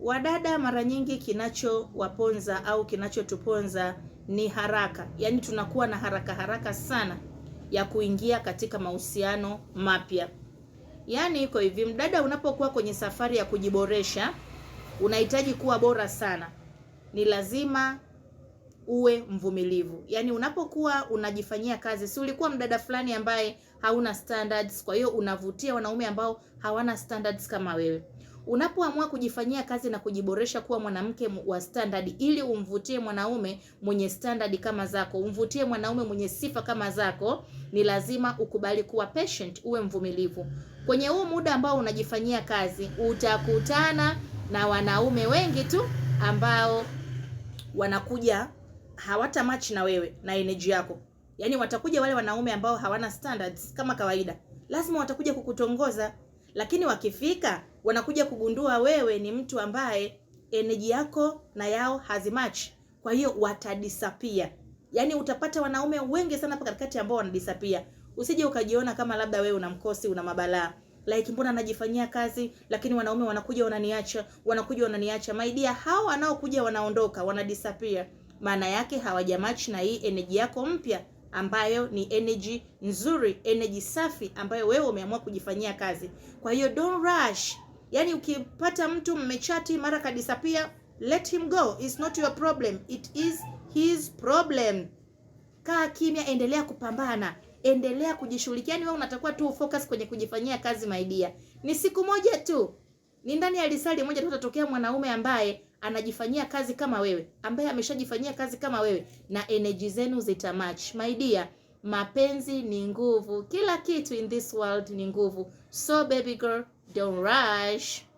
Wadada mara nyingi kinachowaponza au kinachotuponza ni haraka, yaani tunakuwa na haraka haraka sana ya kuingia katika mahusiano mapya. Yaani iko hivi, mdada unapokuwa kwenye safari ya kujiboresha, unahitaji kuwa bora sana, ni lazima uwe mvumilivu. Yaani unapokuwa unajifanyia kazi, si ulikuwa mdada fulani ambaye hauna standards, kwa hiyo unavutia wanaume ambao hawana standards kama wewe. Unapoamua kujifanyia kazi na kujiboresha kuwa mwanamke wa standard, ili umvutie mwanaume mwenye standard kama zako, umvutie mwanaume mwenye sifa kama zako, ni lazima ukubali kuwa patient, uwe mvumilivu. Kwenye huu muda ambao unajifanyia kazi, utakutana na wanaume wengi tu ambao wanakuja hawata match na wewe na energy yako. Yaani watakuja wale wanaume ambao hawana standards kama kawaida, lazima watakuja kukutongoza, lakini wakifika wanakuja kugundua wewe ni mtu ambaye energy yako na yao hazimatch, kwa hiyo watadisapia. Yaani utapata wanaume wengi sana hapa katikati ambao wanadisapia. Usije ukajiona kama labda wewe una mkosi, una mabalaa like mbona anajifanyia kazi, lakini wanaume wanakuja wananiacha, wanakuja wananiacha. My dear, hao wanaokuja wanaondoka, wanadisappear maana yake hawajamachi na hii energy yako mpya ambayo ni energy nzuri, energy safi ambayo wewe umeamua kujifanyia kazi. Kwa hiyo don't rush. Yaani ukipata mtu mmechati mara kadisapia, let him go. It's not your problem. It is his problem. Kaa kimya, endelea kupambana, endelea kujishughulikia. Yaani wewe unatakuwa tu focus kwenye kujifanyia kazi maidia. Ni siku moja tu. Ni ndani ya risali moja tu utatokea mwanaume ambaye anajifanyia kazi kama wewe, ambaye ameshajifanyia kazi kama wewe, na energy zenu zitamatch. My dear, mapenzi ni nguvu, kila kitu in this world ni nguvu. So baby girl, don't rush.